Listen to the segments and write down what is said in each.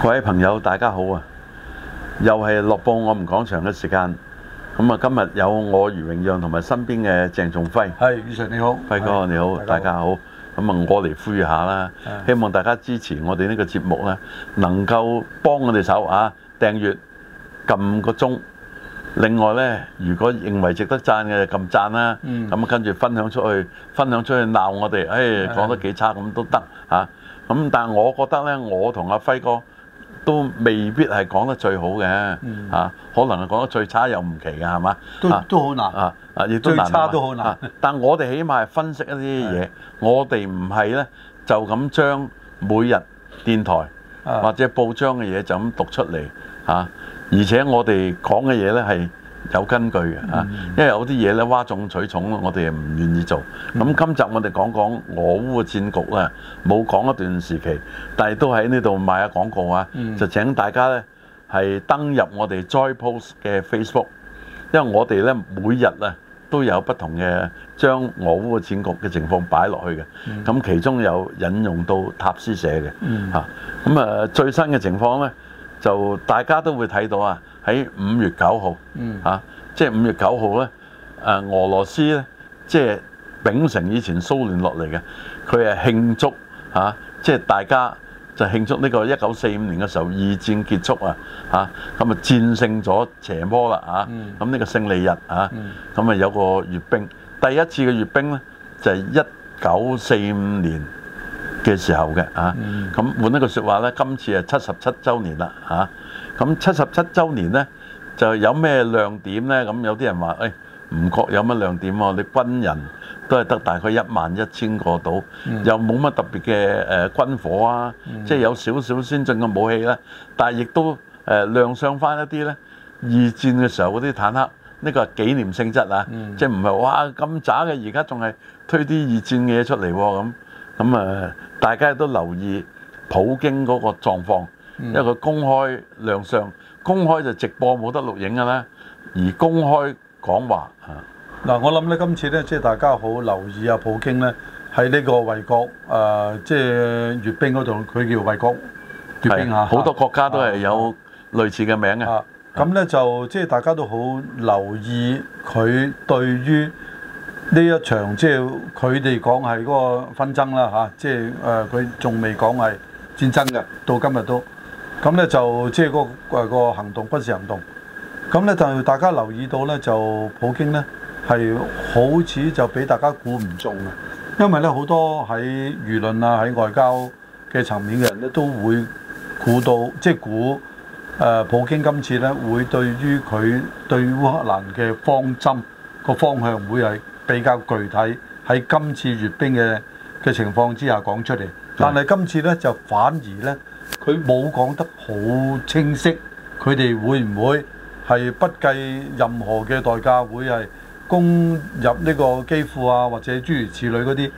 各位朋友，大家好啊！又係樂報我們講場嘅時間，咁啊今日有我余榮讓同埋身邊嘅鄭仲輝，係宇晨你好，輝哥你好，好大家好。咁啊，我嚟呼籲下啦，希望大家支持我哋呢個節目咧，能夠幫我哋手啊，訂閱撳個鐘。另外呢，如果認為值得讚嘅就撳讚啦，咁、啊嗯、跟住分享出去，分享出去鬧我哋，誒、哎、講是得幾差咁都得吓。咁、啊、但係我覺得呢，我同阿輝哥。都未必係講得最好嘅，嗯、啊，可能係講得最差又唔奇嘅，係嘛？都都好難啊！啊，亦都難，最差都好難、啊。但我哋起碼係分析一啲嘢，的我哋唔係咧就咁將每日電台的或者報章嘅嘢就咁讀出嚟，啊，而且我哋講嘅嘢咧係有根據嘅嚇，嗯、因為有啲嘢咧，嘩眾取寵，我哋唔願意做。咁、嗯、今集我哋講講俄烏嘅戰局啊，冇講一段時期，但係都喺呢度賣下廣告啊，嗯、就請大家咧係登入我哋 JoyPost 嘅 Facebook，因為我哋咧每日咧都有不同嘅將俄烏嘅戰局嘅情況擺落去嘅，咁、嗯、其中有引用到塔斯社嘅嚇，咁、嗯、啊，啊最新嘅情況咧就大家都會睇到啊。喺五月九號、嗯、啊，即係五月九號咧，誒、呃，俄羅斯咧，即係秉承以前蘇聯落嚟嘅，佢係慶祝啊，即係大家就慶祝呢個一九四五年嘅時候二戰結束啊，嚇咁啊，戰勝咗邪魔啦啊，咁呢個勝利日啊，咁啊、嗯、有個閱兵，第一次嘅閱兵咧就係一九四五年嘅時候嘅啊，咁、嗯、換一個説話咧，今次係七十七週年啦嚇，咁七十七週年咧就有咩亮點咧？咁有啲人話誒唔覺有乜亮點喎、啊，你軍人都係得大概一萬一千個到，嗯、又冇乜特別嘅誒、呃、軍火啊，嗯、即係有少少先進嘅武器咧、啊，但係亦都誒、呃、亮相翻一啲咧二戰嘅時候嗰啲坦克，呢、這個係紀念性質啊，嗯、即係唔係哇咁渣嘅，而家仲係推啲二戰嘅嘢出嚟咁、啊。咁啊，嗯、大家都留意普京嗰個狀況，因為佢公開亮相，公開就直播冇得錄影㗎啦，而公開講話嚇。嗱、嗯，我諗咧，今次咧，即係大家好留意啊，普京咧喺呢個衛國啊、呃，即係閱兵嗰度，佢叫衛國閱兵啊。好多國家都係有類似嘅名嘅。咁咧就即係大家都好留意佢對於，呢一場即係佢哋講係嗰個紛爭啦，吓、啊，即係誒佢仲未講係戰爭嘅，到今日都咁，咧就即係嗰個行動不是行動。咁咧就大家留意到咧就普京咧係好似就俾大家估唔中嘅，因為咧好多喺輿論啊喺外交嘅層面嘅人咧都會估到，即係估誒普京今次咧會對於佢對於烏克蘭嘅方針個方向會係，比較具體喺今次閱兵嘅嘅情況之下講出嚟，但係今次呢，就反而呢，佢冇講得好清晰，佢哋會唔會係不計任何嘅代價會係攻入呢個機庫啊，或者諸如此類嗰啲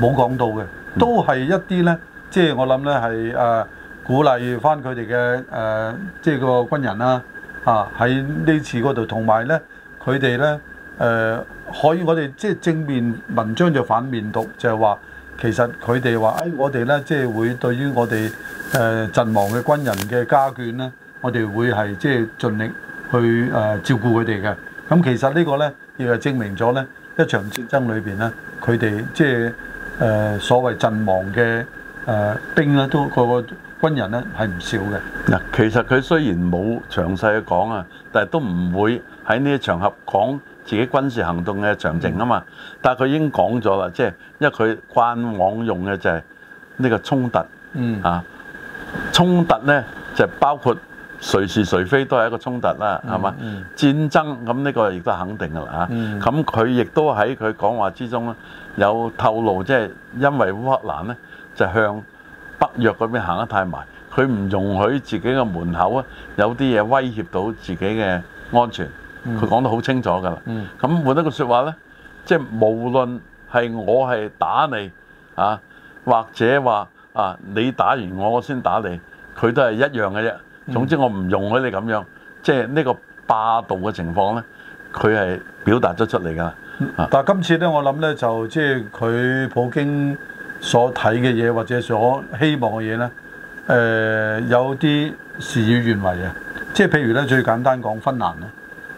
冇講到嘅，都係一啲呢，即係我諗呢，係、呃、誒鼓勵翻佢哋嘅誒，即係個軍人啦、啊，啊喺呢次嗰度，同埋呢，佢哋呢。誒、呃、可以我，我哋即係正面文章就反面讀，就係、是、話其實佢哋話誒我哋咧，即係會對於我哋誒、呃、陣亡嘅軍人嘅家眷咧，我哋會係即係盡力去誒、呃、照顧佢哋嘅。咁其實個呢個咧亦係證明咗咧，一場戰爭裏邊咧，佢哋即係誒、呃、所謂陣亡嘅誒、呃、兵咧，都個個軍人咧係唔少嘅。嗱，其實佢雖然冇詳細講啊，但係都唔會喺呢一場合講。自己軍事行動嘅詳情啊嘛，但係佢已經講咗啦，即係因為佢慣往用嘅就係呢個衝突、嗯、啊，衝突呢就包括誰是誰非都係一個衝突啦，係嘛、嗯嗯？戰爭，咁呢個亦都係肯定噶啦嚇，咁佢亦都喺佢講話之中咧有透露，即係因為烏克蘭呢就向北約嗰邊行得太埋，佢唔容許自己嘅門口啊有啲嘢威脅到自己嘅安全。佢、嗯、講得好清楚㗎啦，咁、嗯、換一個説話咧，即係無論係我係打你啊，或者話啊你打完我，我先打你，佢都係一樣嘅啫。總之我唔容許你咁樣，嗯、即係呢個霸道嘅情況咧，佢係表達咗出嚟㗎啦。啊、但係今次咧，我諗咧就即係佢普京所睇嘅嘢，或者所希望嘅嘢咧，誒、呃、有啲事與願違嘅，即係譬如咧最簡單講芬蘭咧。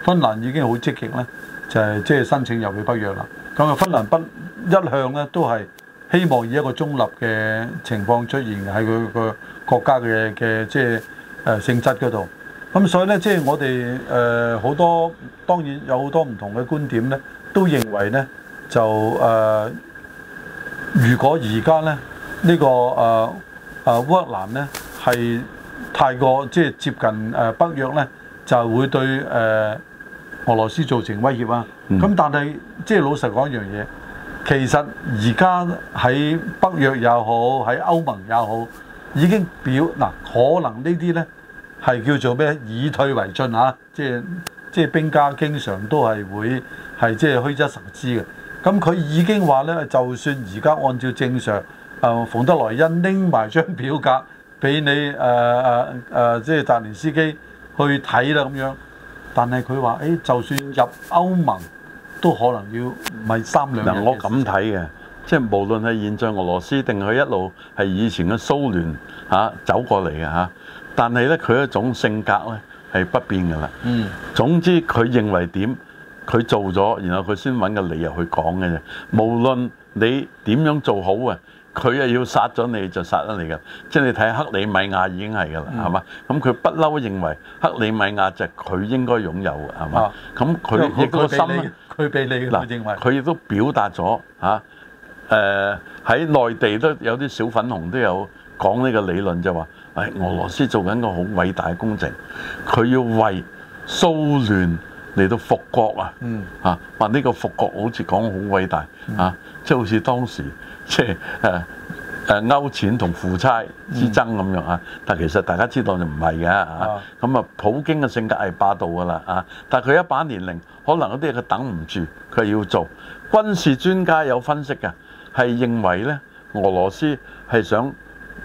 芬蘭已經好積極咧，就係即係申請入去北約啦。咁啊，芬蘭不一向咧都係希望以一個中立嘅情況出現喺佢個國家嘅嘅即係誒性質嗰度。咁所以咧，即係我哋誒好多當然有好多唔同嘅觀點咧，都認為咧就誒、呃，如果而家咧呢個誒誒烏克蘭咧係太過即係接近誒北約咧，就會對誒。呃俄羅斯造成威脅啊！咁、嗯、但係即係老實講一樣嘢，其實而家喺北約又好，喺歐盟又好，已經表嗱，可能呢啲呢係叫做咩？以退為進啊！即係即係兵家經常都係會係即係虛則實之嘅。咁、啊、佢已經話呢，就算而家按照正常，誒、呃，馮德萊因拎埋張表格俾你誒誒、呃呃呃、即係澤連斯基去睇啦咁樣。但係佢話：，誒、哎，就算入歐盟，都可能要唔係三兩日。嗱，我咁睇嘅，即係無論係現在俄羅斯定佢一路係以前嘅蘇聯嚇、啊、走過嚟嘅嚇，但係咧佢一種性格咧係不變嘅啦。嗯，總之佢認為點，佢做咗，然後佢先揾個理由去講嘅啫。無論你點樣做好啊！佢係要殺咗你就殺咗你嘅，即係你睇克里米亞已經係嘅啦，係嘛、嗯？咁佢不嬲認為克里米亞就係佢應該擁有嘅，係嘛？咁佢亦都心，佢俾你嗱認為，佢亦都表達咗嚇。誒、啊、喺、呃、內地都有啲小粉紅都有講呢個理論就話：，誒、哎、俄羅斯做緊個好偉大嘅工程，佢要為蘇聯嚟到復國、嗯、啊！嚇話呢個復國好似講好偉大啊，即係好似當時。即係誒誒勾踐同夫差之爭咁樣啊！嗯、但其實大家知道就唔係嘅嚇。咁啊，啊，普京嘅性格係霸道㗎啦啊！但係佢一把年齡，可能嗰啲嘢佢等唔住，佢要做。軍事專家有分析㗎，係認為咧，俄羅斯係想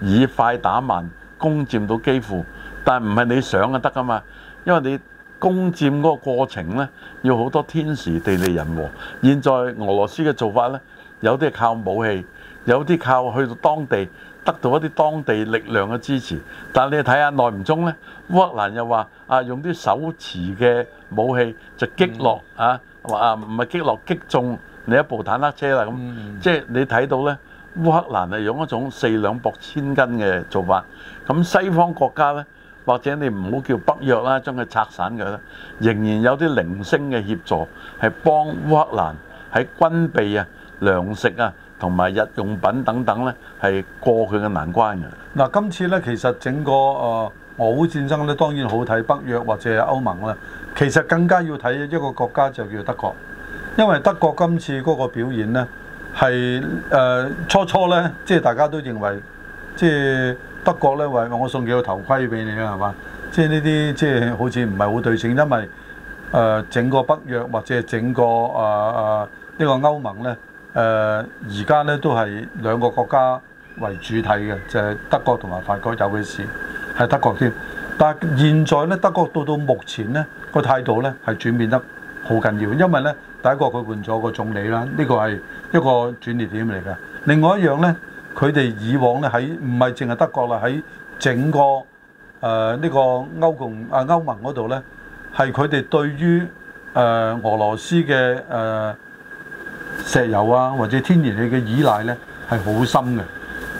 以快打慢，攻佔到基輔，但係唔係你想就得㗎嘛？因為你攻佔嗰個過程咧，要好多天時地利人和。現在俄羅斯嘅做法咧。有啲係靠武器，有啲靠去到當地得到一啲當地力量嘅支持。但你睇下內唔中呢？烏克蘭又話啊，用啲手持嘅武器就擊落、嗯、啊，話啊唔係擊落擊中你一部坦克車啦咁。嗯、即係你睇到呢，烏克蘭係用一種四兩撥千斤嘅做法。咁西方國家呢，或者你唔好叫北約啦，將佢拆散佢。咧，仍然有啲零星嘅協助係幫烏克蘭喺軍備啊。糧食啊，同埋日用品等等呢，係過去嘅難關嘅。嗱，今次呢，其實整個誒、呃、俄烏戰爭呢，當然好睇北約或者係歐盟啦。其實更加要睇一個國家就叫德國，因為德國今次嗰個表演呢，係誒、呃、初初呢，即係大家都認為即係德國呢，話我送幾個頭盔俾你啊，係嘛？即係呢啲即係好似唔係好對稱，因為誒、呃、整個北約或者整個誒誒呢個歐盟呢。誒而家咧都係兩個國家為主體嘅，就係、是、德國同埋法國有嘅事，係德國先。但係現在咧，德國到到目前咧、這個態度咧係轉變得好緊要，因為咧第一個佢換咗個總理啦，呢個係一個轉捩、這個、點嚟嘅。另外一樣咧，佢哋以往咧喺唔係淨係德國啦，喺整個誒、呃這個呃、呢個歐共啊歐盟嗰度咧，係佢哋對於誒、呃、俄羅斯嘅誒。呃石油啊，或者天然氣嘅依賴咧係好深嘅。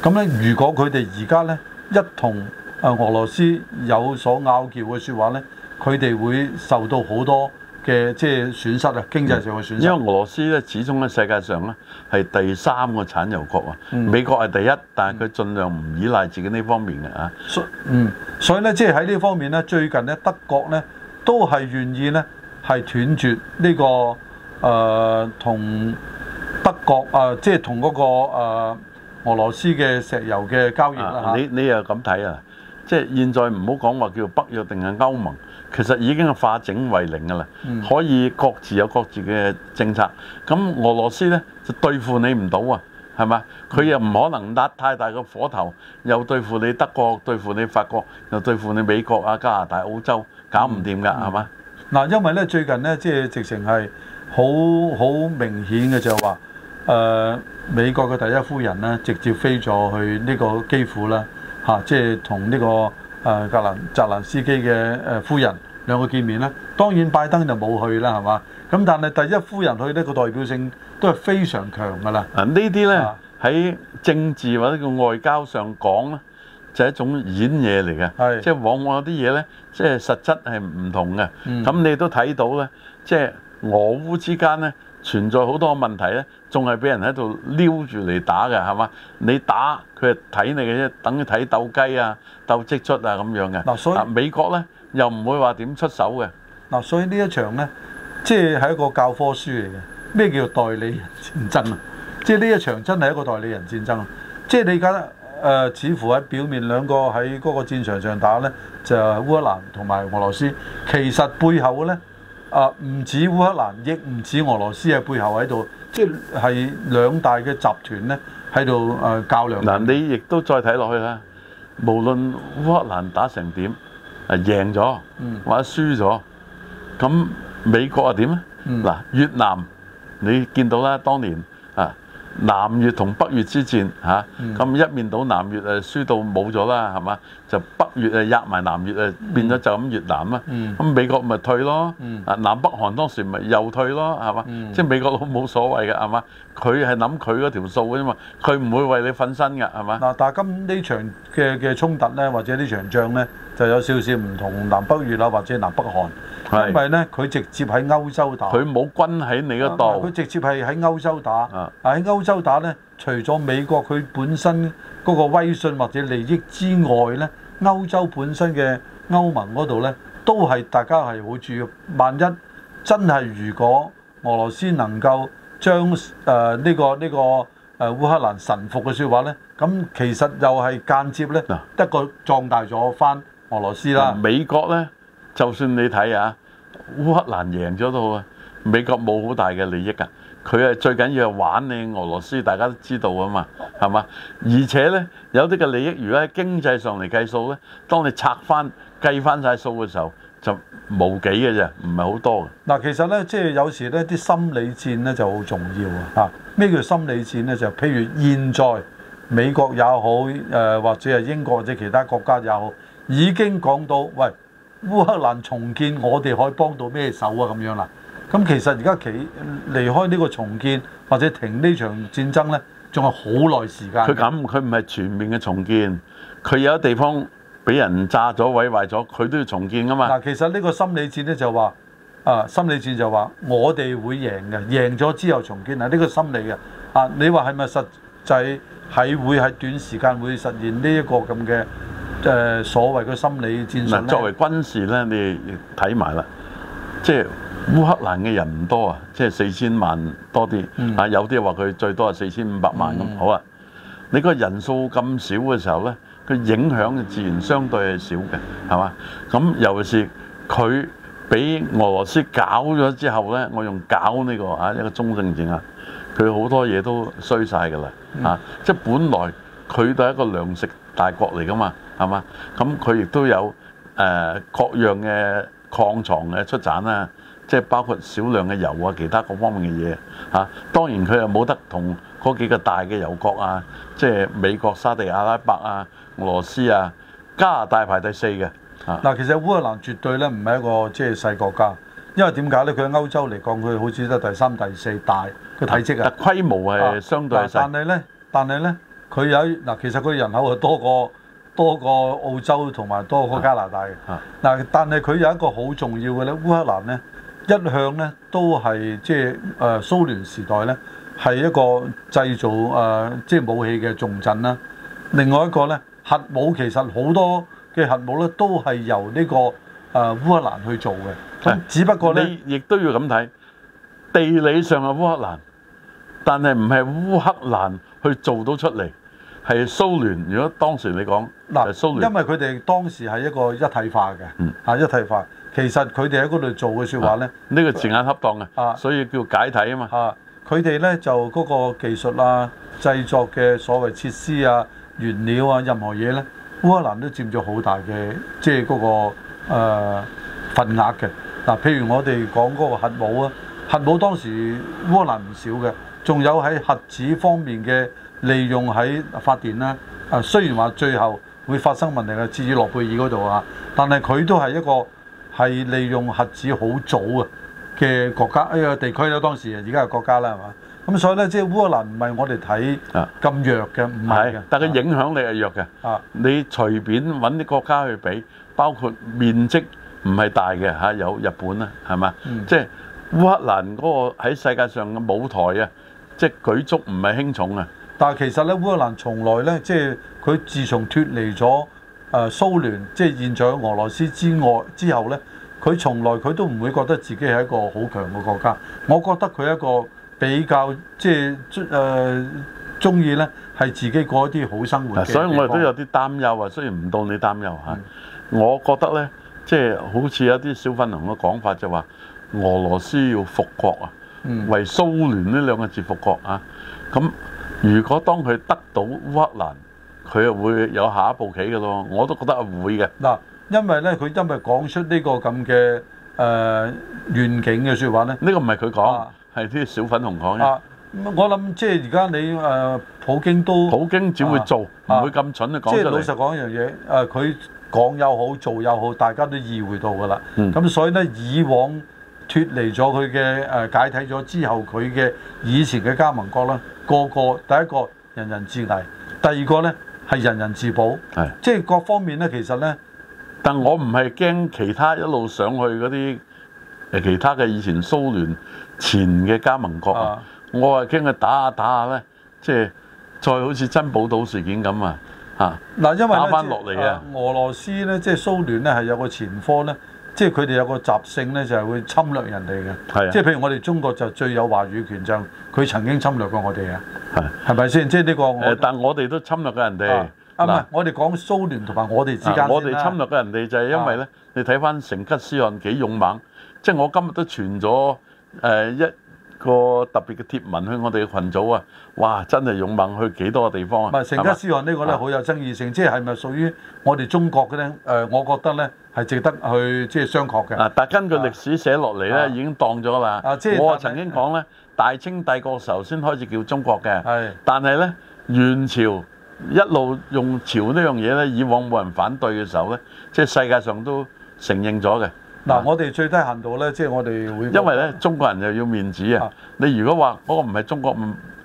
咁、嗯、咧，如果佢哋而家咧一同啊俄羅斯有所拗撬嘅説話咧，佢哋會受到好多嘅即係損失啊，經濟上嘅損失。損失因為俄羅斯咧始終喺世界上咧係第三個產油國啊，嗯、美國係第一，但係佢盡量唔依賴自己呢方面嘅啊、嗯。嗯，所以咧即係喺呢方面咧，最近咧德國咧都係願意咧係斷絕呢、這個。誒同德國啊，即係同嗰個誒俄羅斯嘅石油嘅交易你你又咁睇啊？即係現在唔好講話叫北約定係歐盟，其實已經係化整為零㗎啦，可以各自有各自嘅政策。咁俄羅斯呢，就對付你唔到啊，係咪？佢又唔可能焫太大嘅火頭，又對付你德國，對付你法國，又對付你美國啊、加拿大、歐洲，搞唔掂㗎係嘛？嗱，因為呢，最近呢，即係直情係。好好明顯嘅就係話，誒、呃、美國嘅第一夫人咧，直接飛咗去呢個基輔啦，嚇、啊，即係同呢個誒、呃、格蘭澤連斯基嘅誒、呃、夫人兩個見面啦。當然拜登就冇去啦，係嘛？咁但係第一夫人去呢個代表性都係非常強噶啦。呢啲呢喺政治或者叫外交上講咧。就係一種演嘢嚟嘅，即係往往有啲嘢咧，即係實質係唔同嘅。咁你都睇到咧，即係俄烏之間咧，存在好多問題咧，仲係俾人喺度撩住嚟打嘅，係嘛？你打佢係睇你嘅啫，等於睇鬥雞啊、鬥蟋蟀啊咁樣嘅。嗱，所以美國咧又唔會話點出手嘅。嗱，所以呢一場咧，即係係一個教科書嚟嘅。咩叫代理人戰爭啊？即係呢一場真係一個代理人戰爭。即係你而家。誒、呃，似乎喺表面兩個喺嗰個戰場上打呢，就係烏克蘭同埋俄羅斯。其實背後呢，啊、呃，唔止烏克蘭，亦唔止俄羅斯喺背後喺度，即係是兩大嘅集團呢喺度誒較量。嗱、呃呃呃，你亦都再睇落去啦。無論烏克蘭打成點，誒贏咗或者輸咗，咁美國啊點呢？嗱、嗯嗯，越南你見到啦、啊，當年啊。南越同北越之戰嚇，咁、嗯、一面倒。南越誒輸到冇咗啦，係嘛？就北越誒壓埋南越誒，變咗就咁越南啦。咁、嗯、美國咪退咯？啊、嗯，南北韓當時咪又退咯，係嘛？嗯、即係美國佬冇所謂嘅，係嘛？佢係諗佢嗰條數嘅啫嘛，佢唔會為你奮身嘅，係嘛？嗱，但係今呢場嘅嘅衝突咧，或者呢場仗咧，就有少少唔同南北越啊，或者南北韓。因為咧，佢直接喺歐洲打，佢冇軍喺你嗰度。佢直接係喺歐洲打。啊，喺歐洲打咧，除咗美國佢本身嗰個威信或者利益之外咧，歐洲本身嘅歐盟嗰度咧，都係大家係好注意。萬一真係如果俄羅斯能夠將誒呢個呢個誒烏克蘭臣服嘅説話咧，咁、嗯、其實又係間接咧，啊、得個壯大咗翻俄羅斯啦、嗯。美國咧。就算你睇下，烏克蘭贏咗都好啊，美國冇好大嘅利益啊。佢係最緊要係玩你俄羅斯，大家都知道啊嘛，係嘛？而且呢，有啲嘅利益，如果喺經濟上嚟計數呢，當你拆翻計翻晒數嘅時候，就冇幾嘅啫，唔係好多嘅。嗱，其實呢，即係有時呢啲心理戰呢就好重要啊。嚇，咩叫心理戰呢？就譬如現在美國也好，誒或者係英國或者其他國家也好，已經講到喂。烏克蘭重建，我哋可以幫到咩手啊？咁樣啦，咁其實而家其離開呢個重建或者停呢場戰爭呢，仲係好耐時間。佢咁，佢唔係全面嘅重建，佢有地方俾人炸咗、毀壞咗，佢都要重建㗎嘛。嗱，其實呢個心理戰呢，就話，啊，心理戰就話我哋會贏嘅，贏咗之後重建啊，呢個心理嘅。啊，你話係咪實際係會喺短時間會實現呢一個咁嘅？誒、呃、所謂嘅心理戰術作為軍事咧，你睇埋啦，即係烏克蘭嘅人唔多啊，即係四千萬多啲，啊、嗯、有啲話佢最多係四千五百萬咁。好啊，你個人數咁少嘅時候咧，佢影響嘅自然相對係少嘅，係嘛？咁尤其是佢俾俄羅斯搞咗之後咧，我用搞呢、這個啊一個中性字、嗯、啊，佢好多嘢都衰晒㗎啦，啊即係本來佢都係一個糧食大國嚟㗎嘛。係嘛？咁佢亦都有誒、呃、各樣嘅礦床嘅出產啦，即係包括少量嘅油啊，其他各方面嘅嘢嚇。當然佢又冇得同嗰幾個大嘅油國啊，即係美國、沙地阿拉伯啊、俄羅斯啊、加拿大排第四嘅。嗱、啊，其實烏克蘭絕對咧唔係一個即係細國家，因為點解咧？佢喺歐洲嚟講，佢好似得第三、第四大嘅體積嘅規模係相對細，但係咧，但係咧，佢有嗱，其實佢人口係多過。多過澳洲同埋多過加拿大嘅，嗱、啊，啊、但係佢有一個好重要嘅咧，烏克蘭咧一向咧都係即係誒、呃、蘇聯時代咧係一個製造誒、呃、即係武器嘅重鎮啦。另外一個咧核武其實好多嘅核武咧都係由呢、這個誒、呃、烏克蘭去做嘅，咁只不過呢你亦都要咁睇地理上嘅烏克蘭，但係唔係烏克蘭去做到出嚟，係蘇聯。如果當時你講。嗱，因為佢哋當時係一個一體化嘅，嚇、嗯啊、一體化。其實佢哋喺嗰度做嘅説話咧，呢、啊呢個字眼恰當嘅，啊，所以叫解體啊嘛。嚇、啊，佢哋咧就嗰個技術啊、製作嘅所謂設施啊、原料啊、任何嘢咧，烏克蘭都佔咗好大嘅，即係嗰個份、呃、額嘅。嗱、啊，譬如我哋講嗰個核武啊，核武當時烏克蘭唔少嘅，仲有喺核子方面嘅利用喺發電啦。啊，雖然話最後會發生問題嘅，至於諾貝爾嗰度啊。但係佢都係一個係利用核子好早嘅嘅國家，呢個地區咧當時啊，而家係國家啦，係嘛？咁所以咧，即係烏克蘭唔係我哋睇咁弱嘅，唔係、啊、但係佢影響力係弱嘅。啊，你隨便揾啲國家去比，包括面積唔係大嘅吓，有日本啊，係嘛？嗯、即係烏克蘭嗰個喺世界上嘅舞台啊，即係舉足唔係輕重啊。嗯、但係其實咧，烏克蘭從來咧即係。佢自從脫離咗誒、呃、蘇聯，即係現在俄羅斯之外之後呢，佢從來佢都唔會覺得自己係一個好強嘅國家。我覺得佢一個比較即係誒中意呢係自己過一啲好生活。所以我哋都有啲擔憂啊。雖然唔到你擔憂嚇，嗯、我覺得呢，即、就、係、是、好似有啲小粉紅嘅講法就話、是，俄羅斯要復國啊，為蘇聯呢兩個字復國啊。咁如果當佢得到烏克蘭，佢又會有下一步棋嘅咯，我都覺得唔會嘅。嗱，因為咧，佢今日講出呢個咁嘅誒願景嘅説話咧，呢個唔係佢講，係啲、啊、小粉紅講嘅、啊。我諗即係而家你誒、啊、普京都普京只會做，唔、啊、會咁蠢咧、啊、講出嚟。即係老實講一樣嘢，誒佢講又好，做又好，大家都意會到㗎啦。咁、嗯、所以咧，以往脱離咗佢嘅誒解體咗之後，佢嘅以前嘅加盟國啦，個個第一個人，人人自危，第二個咧。係人人自保，係即係各方面咧，其實咧，但我唔係驚其他一路上去嗰啲誒其他嘅以前蘇聯前嘅加盟國啊，我係驚佢打下打下咧，即係再好似珍寶島事件咁啊嚇！嗱，因為打返落嚟啊，俄羅斯咧即係蘇聯咧係有個前科咧。即係佢哋有個習性咧，就係會侵略人哋嘅。係，即係譬如我哋中國就最有話語權爭，佢曾經侵略過我哋啊。係，係咪先？即係呢個但我哋都侵略過人哋。啊，嗱，我哋講蘇聯同埋我哋之間。我哋侵略過人哋就係因為咧，你睇返成吉思汗幾勇猛。即係我今日都傳咗誒一個特別嘅貼文去我哋嘅群組啊！哇，真係勇猛去幾多個地方啊！成吉思汗呢個咧好有爭議性，即係係咪屬於我哋中國嘅咧？誒，我覺得咧。係值得去即係商榷嘅。嗱，但根據歷史寫落嚟咧，已經當咗啦。我啊曾經講咧，大清帝國時候先開始叫中國嘅。係。但係咧，元朝一路用朝呢樣嘢咧，以往冇人反對嘅時候咧，即係世界上都承認咗嘅。嗱，我哋最低限度咧，即係我哋會因為咧，中國人又要面子啊。你如果話嗰個唔係中國，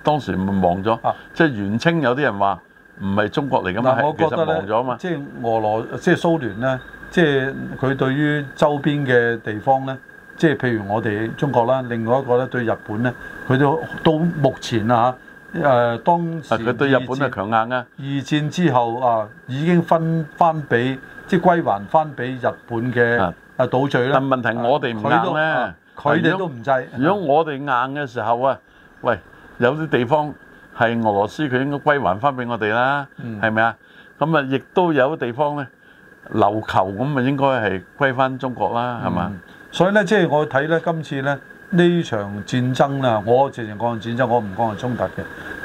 當時忘咗。即係元清有啲人話唔係中國嚟㗎嘛，其實忘咗啊嘛。即係俄羅，即係蘇聯咧。即係佢對於周邊嘅地方咧，即係譬如我哋中國啦，另外一個咧對日本咧，佢都到目前啊嚇誒當時。佢對日本係強硬啊，二戰之後啊，已經分翻俾即係歸還翻俾日本嘅啊島嶼啦。但問題我哋唔硬咧，佢哋都唔制。如果我哋硬嘅時候啊，喂，有啲地方係俄羅斯，佢應該歸還翻俾我哋啦，係咪啊？咁啊，亦都有啲地方咧。琉球咁啊，應該係歸翻中國啦，係嘛？所以咧，即係我睇咧，今次咧呢場戰爭啊，我直情講戰爭，我唔講係衝突嘅。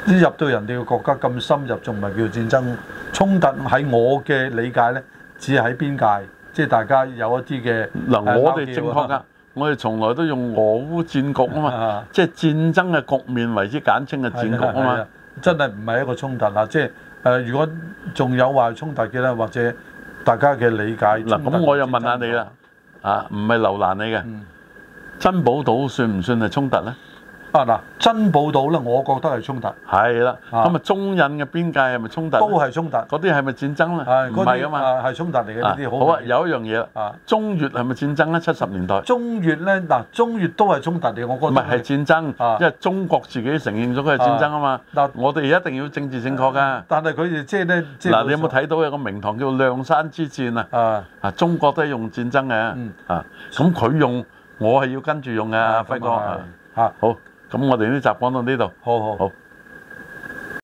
一入到人哋嘅國家咁深入，仲咪叫戰爭？衝突喺我嘅理解咧，只喺邊界，即係大家有一啲嘅嗱，我哋正確噶，我哋從來都用俄烏戰局啊嘛，即係戰爭嘅局面為之簡稱嘅戰局啊嘛，真係唔係一個衝突啊！即係誒，如果仲有話衝突嘅咧，或者。大家嘅理解嗱，咁我又問下你啦，嗯、啊，唔係為難你嘅，珍寶島算唔算係衝突咧？啊嗱，珍寶島啦，我覺得係衝突。係啦，咁啊中印嘅邊界係咪衝突？都係衝突，嗰啲係咪戰爭咧？係唔係啊？嘛係衝突嚟嘅呢啲。好啊，有一樣嘢啊，中越係咪戰爭咧？七十年代。中越咧嗱，中越都係衝突嚟，我覺得。唔係係戰爭，因為中國自己承認咗佢係戰爭啊嘛。嗱，我哋一定要政治正確㗎。但係佢哋即係咧嗱，你有冇睇到有個名堂叫諒山之戰啊？啊，啊中國都係用戰爭嘅啊，咁佢用我係要跟住用嘅。輝哥啊，好。咁我哋呢集講到呢度，好好好，好。